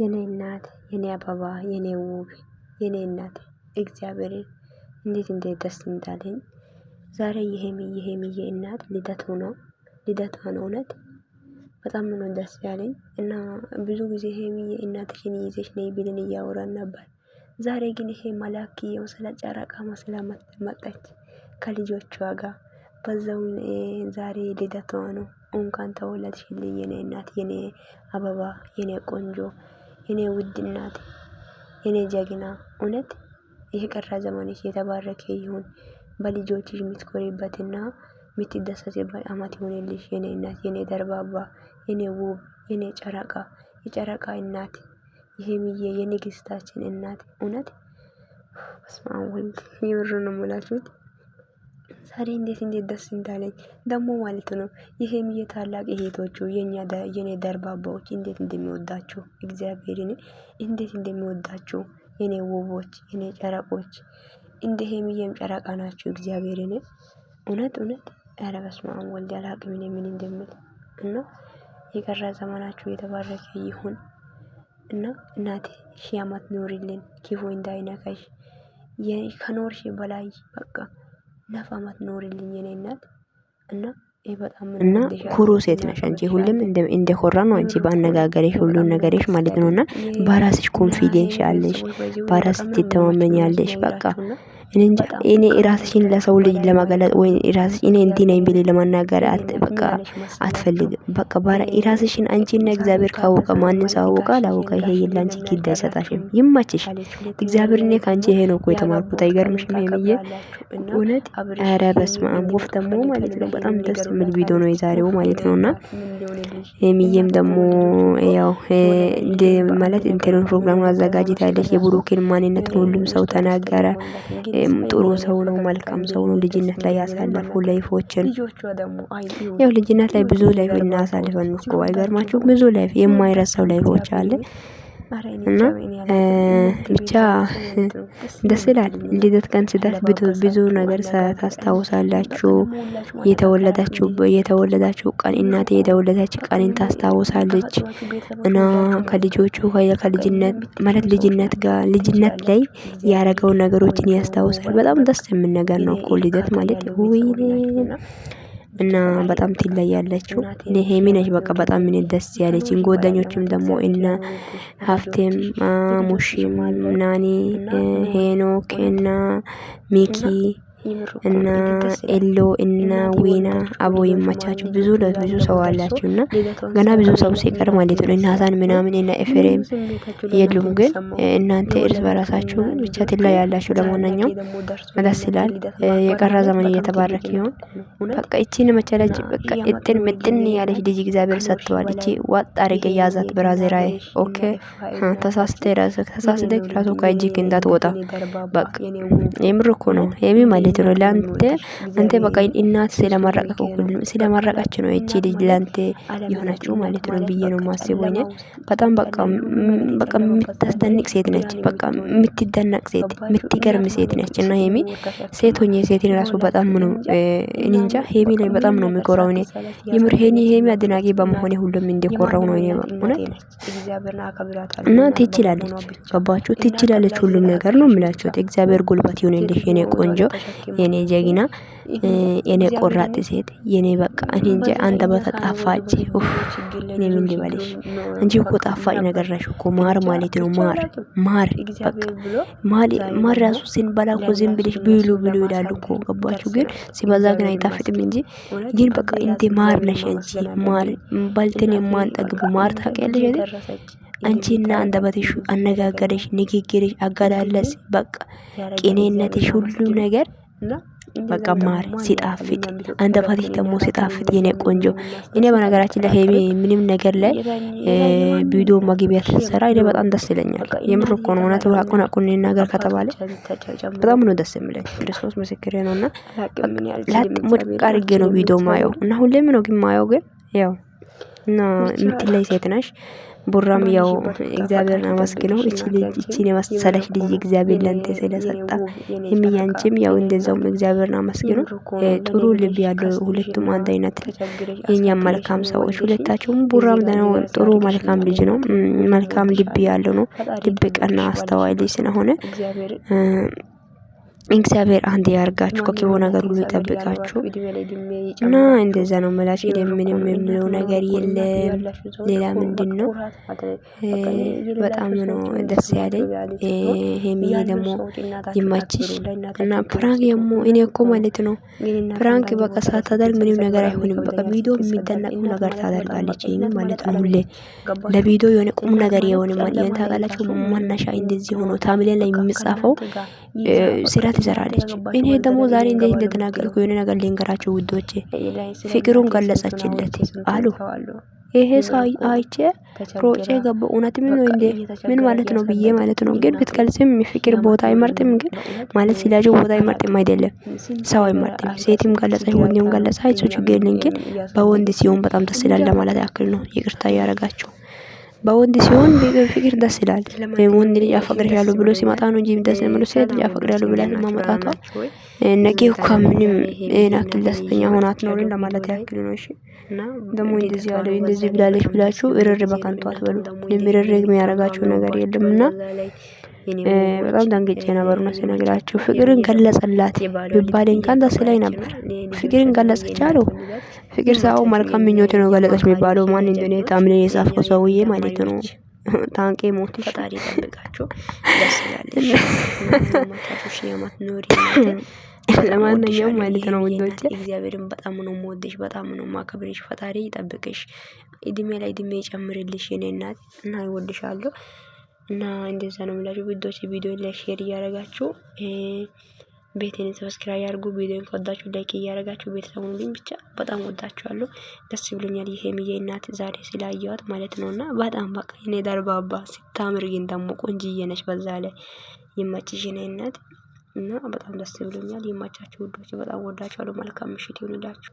የኔ እናት፣ የኔ አበባ፣ የኔ ውብ፣ የኔ እናት እግዚአብሔርን እንዴት እንዴት ደስ እንዳለኝ። ዛሬ የሄሚ የሄሚዬ እናት ልደቱ ነው ልደቷን እውነት በጣም ነው ደስ ያለኝ እና ብዙ ጊዜ ሄሚዬ እናትሽን ይዘሽ ነይ ብልን እያወራን ነበር። ዛሬ ግን ይሄ መላክየው ስለ ጨረቃ መስላ መጣች ከልጆቿ ጋር በዛው ዛሬ ልደቷ ነው። እንኳን ተወለድሽልኝ የኔ እናት፣ የኔ አበባ፣ የኔ ቆንጆ የኔ ውድ እናት፣ የኔ ጀግና፣ እውነት የቀረ ዘመንሽ የተባረከ ይሁን። በልጆችሽ የምትኮሪበትና የምትደሰትበት አመት ይሁንልሽ የኔ እናት፣ የኔ ደርባባ፣ የኔ ውብ፣ የኔ ጨረቃ፣ የጨረቃ እናት፣ የሄምዬ የንግስታችን እናት እውነት ስማወልድ የምር ነው የምላችሁት። ዛሬ እንዴት እንዴት ደስ እንዳለኝ ደግሞ ማለት ነው። ይሄም የታላቅ እህቶቹ የኛ የኔ ደርባባዎች እንዴት እንደሚወዳችሁ እግዚአብሔርን እንዴት እንደሚወዳችሁ የኔ ውቦች የኔ ጨረቆች እንደ ሄምዬም ጨረቃ ናቸው እግዚአብሔርን እውነት እውነት ኧረ በስመ አብ ወልድ አላቅም እኔ ምን እንደምል እና የቀረ ዘመናችሁ የተባረከ ይሁን እና እናቴ ሺህ ዓመት ኖሪልን ክፉ እንዳይነካሽ ከኖርሽ በላይ በቃ ለፋማት ኖርልኝ የኔ እናት እና እና ኩሩ ሴት ነሽ አንቺ። ሁሉም እንደኮራ ነው አንቺ በአነጋገርሽ ሁሉን ነገርሽ ማለት ነው። እና በራስሽ ኮንፊደንስ ያለሽ በራስሽ ትተማመኛለሽ በቃ እኔ ራስሽን ለሰው ልጅ ለማገለጥ ወይ ራስሽ እኔ እንዲህ ነኝ ብለሽ ለማናገር በቃ አትፈልግም። በቃ ባራ ራስሽን አንቺና እግዚአብሔር ካወቀ ማንን ሳወቀ አላወቀ ይሄ የላንቺ ኪዳ አይሰጣሽም። ይማችሽ እግዚአብሔር እኔ ከአንቺ ይሄ ነው እኮ የተማርኩት። አይገርምሽም? የሚየ እውነት ኧረ በስመ አብ ወፍ ደግሞ ማለት ነው በጣም ደስ የሚል ቪዲዮ ነው የዛሬው ማለት ነው እና የሚየም ደግሞ ያው እንደ ማለት እንትኑን ፕሮግራሙን አዘጋጅታለች። የብሩኬን ማንነት ሁሉም ሰው ተናገረ። ጥሩ ሰው ነው፣ መልካም ሰው ነው። ልጅነት ላይ ያሳለፉ ላይፎችን ያው ልጅነት ላይ ብዙ ላይፍ እናሳልፈን እኮ አይገርማችሁ? ብዙ ላይፍ የማይረሳው ላይፎች አለ። እና ብቻ ደስ ይላል። ልደት ቀን ሲደርስ ብዙ ነገር ታስታውሳላችሁ። የተወለዳችሁ ቀን እናቴ የተወለዳችሁ ቀንን ታስታውሳለች እና ከልጆቹ ከልጅነት ማለት ልጅነት ጋር ልጅነት ላይ ያረገው ነገሮችን ያስታውሳል። በጣም ደስ የምን ነገር ነው እኮ ልደት ማለት እና በጣም ትለያለችው። እኔ ሄሚ ነች በቃ በጣም ምን ደስ ያለች ጓደኞችም ደግሞ እና ሀፍቴም፣ ሙሺም፣ ናኒ፣ ሄኖክ እና ሚኪ እና ኤሎ እና ዊና አቦ ይመቻችሁ። ብዙ ለብዙ ሰው አላችሁ እና ገና ብዙ ሰው ሲቀር ማለት ነው። እና ሀሳን ምናምን እና ኤፍሬም የሉም፣ ግን እናንተ እርስ በራሳችሁ ብቻ ትላ ያላችሁ። ለማንኛውም መለስ ይላል የቀራ ዘመን እየተባረክ ይሆን። በቃ እቺን መቸለች በቃ እጥን ምጥን ያለች ልጅ እግዚአብሔር ሰጥተዋል። እቺ ዋጥ አድርገ ያዛት ብራዜራዬ። ኦኬ ተሳስተ ተሳስተ ራሱ ከእጅግ እንዳትወጣ በቃ የምር እኮ ነው የሚ ማለት ነው ለአንተ አንተ በቃ እናት ስለመረቀቁ ስለመረቀች ነው እቺ ልጅ ለአንተ የሆነችው ማለት ነው ብዬ ነው ማስቦኝ። በጣም በቃ በቃ የምታስደንቅ ሴት ነች። በቃ የምትደነቅ ሴት፣ የምትገርም ሴት ነች እና ሄሚ ሴት ሆኜ ሴትን ራሱ በጣም ነው እኔ እንጃ ሄሚ ላይ በጣም ነው የሚኮራው። እኔ የምር ሄኒ ሄሚ አድናቂ በመሆኔ ሁሉም እንደኮራው ነው እኔ እውነት እና ትችላለች። ገባችሁ? ትችላለች ሁሉም ነገር ነው የምላችሁት። እግዚአብሔር ጉልበት ይሁንልሽ የኔ ቆንጆ የኔ ጀግና፣ የኔ ቆራጥ ሴት፣ የኔ በቃ እኔ እንጂ አንተ በተጣፋጭ እኔ ምን ልበልሽ? እንጂ እኮ ጣፋጭ ነገር ነሽ እኮ ማር ማለት ነው። ማር ማር በቃ ማር ራሱ ስንበላ እኮ ዝም ብለሽ ብሉ ብሉ ይላሉ እኮ ገባችሁ? ግን ሲበዛ ግን አይጣፍጥም እንጂ ግን በቃ እንዴ ማር ነሽ እንጂ ማር በልተን የማንጠግብ ማር ታውቂያለሽ አንቺ እና አንደበትሽ፣ አነጋገርሽ፣ ንግግርሽ፣ አገላለጽ በቃ ቄኔነትሽ ሁሉ ነገር በቃ ማር ሲጣፍጥ አንተ አንደበቴ ደግሞ ሲጣፍጥ የኔ ቆንጆ። እኔ በነገራችን ላይ ሄሜ ምንም ነገር ላይ ቪዲዮ መግቢያ ስትሰራ እኔ በጣም ደስ ይለኛል። የምር እኮ ነው። እውነት ሀቁን ሀቁን ነገር ከተባለ በጣም ነው ደስ የሚለኝ። ክርስቶስ ምስክሬ ነው። እና ላጥ ሙድቅ አድርጌ ነው ቪዲዮ ማየው እና ሁሌም ነው ግን ማየው ግን ያው እና የምትለይ ሴት ነሽ። ቡራም ያው እግዚአብሔርን አመስግነው እቺን የመሰለሽ ልጅ እግዚአብሔር ለንቴ ስለሰጣ የሚያንችም ያው እንደዛውም እግዚአብሔርን አመስግነው። ጥሩ ልብ ያለው ሁለቱም አንድ አይነት የኛም መልካም ሰዎች ሁለታቸውም። ቡራም ጥሩ መልካም ልጅ ነው። መልካም ልብ ያለው ነው። ልብ ቀና አስተዋይ ልጅ ስለሆነ እግዚአብሔር አንድ ያርጋችሁ ከክፉ ነገር ሁሉ ይጠብቃችሁ እና እንደዛ ነው መላችሁ። እኔ ምንም የምለው ነገር የለም። ሌላ ምንድን ነው በጣም ነው ደስ ያለኝ። ሄሚዬ ደግሞ ይማችሽ እና ፕራንክ ደግሞ እኔ እኮ ማለት ነው ፕራንክ በቃ ሳታደርግ ምንም ነገር አይሆንም። በቃ ቪዲዮ የሚደነቁ ነገር ታደርጋለች ማለት ነው። ሁሌ ለቪዲዮ የሆነ ቁም ነገር የሆነ ታውቃላችሁ። ማናሻ እንደዚህ ሆኖ ታምሌ ላይ የሚጻፈው ስራ ትዘራለች። እኔ ደግሞ ዛሬ እንዴት እንደተናገርኩ የሆነ ነገር ሊንገራቸው ውዶቼ። ፍቅሩን ገለጸችለት አሉ። ይሄ ሰው አይቼ ሮጬ ገባ። እውነት ምን ነው እንዴ? ምን ማለት ነው ብዬ ማለት ነው። ግን ብትገልጽም ፍቅር ቦታ አይመርጥም። ግን ማለት ሲላቸው ቦታ አይመርጥም አይደለም፣ ሰው አይመርጥም። ሴትም ገለጸች፣ ወንድም ገለጸ፣ አይሱ ችግር የለም። ግን በወንድ ሲሆን በጣም ተስላለ ማለት ያክል ነው። ይቅርታ እያረጋችሁ በወንድ ሲሆን ፍቅር ደስ ይላል። ወንድ ልጅ አፈቅርሻለሁ ብሎ ሲመጣ ነው እንጂ ደስ ነው ብሎ ሴት ልጅ አፈቅርሻለሁ ብላ ማመጣቷ ነገ እኮ ምንም ይሄን አክል ደስተኛ ሆናት ነው ለማለት ያክል ነው። እሺ እና ደግሞ እንደዚህ ያለ እንደዚህ ብላለች ብላችሁ እርር በከንቱ አትበሉ። ምርር የሚያረጋችሁ ነገር የለምና በጣም ደንግጬ ነበር ነው ሲነግራችሁ። ፍቅርን ገለጸላት ቢባል እንኳን ደስ ላይ ነበር። ፍቅርን ገለጸች አለው ፍቅር ሳው መልካም ምኞት ነው ገለጸች የሚባለው ማን እንደሆነ ታምሌ የጻፍከው ሰውዬ ማለት ነው። ታንቄ ሞት ፈጣሪ ይጠብቃቸው። ለማንኛውም ማለት ነው ወንዶች እግዚአብሔርን በጣም ነው የምወድሽ፣ በጣም ነው የማከብርሽ። ፈጣሪ ይጠብቅሽ፣ እድሜ ላይ እድሜ ይጨምርልሽ እኔ እናት እና ይወድሻለሁ እና እንደዛ ነው የምላችሁ። ግዶች ቪዲዮ ላይ ሼር እያደረጋችሁ ቤቴን ሰብስክራይብ ያድርጉ። ቪዲዮን ከወዳችሁ ላይክ እያደረጋችሁ ቤተሰቡን ሁሉም ብቻ በጣም ወዳችኋለሁ። ደስ ብሎኛል። ይሄ ምዬ እናት ዛሬ ስላየዋት ማለት ነው። እና በጣም በቃ እኔ ደርባባ ስታምር፣ ግን ደግሞ ቆንጅዬ ነች። በዛ ላይ ይመችሽ የኔ እናት እና በጣም ደስ ብሎኛል። ይማቻችሁ ውዶች፣ በጣም ወዳችኋለሁ። መልካም ምሽት ይሁንላችሁ።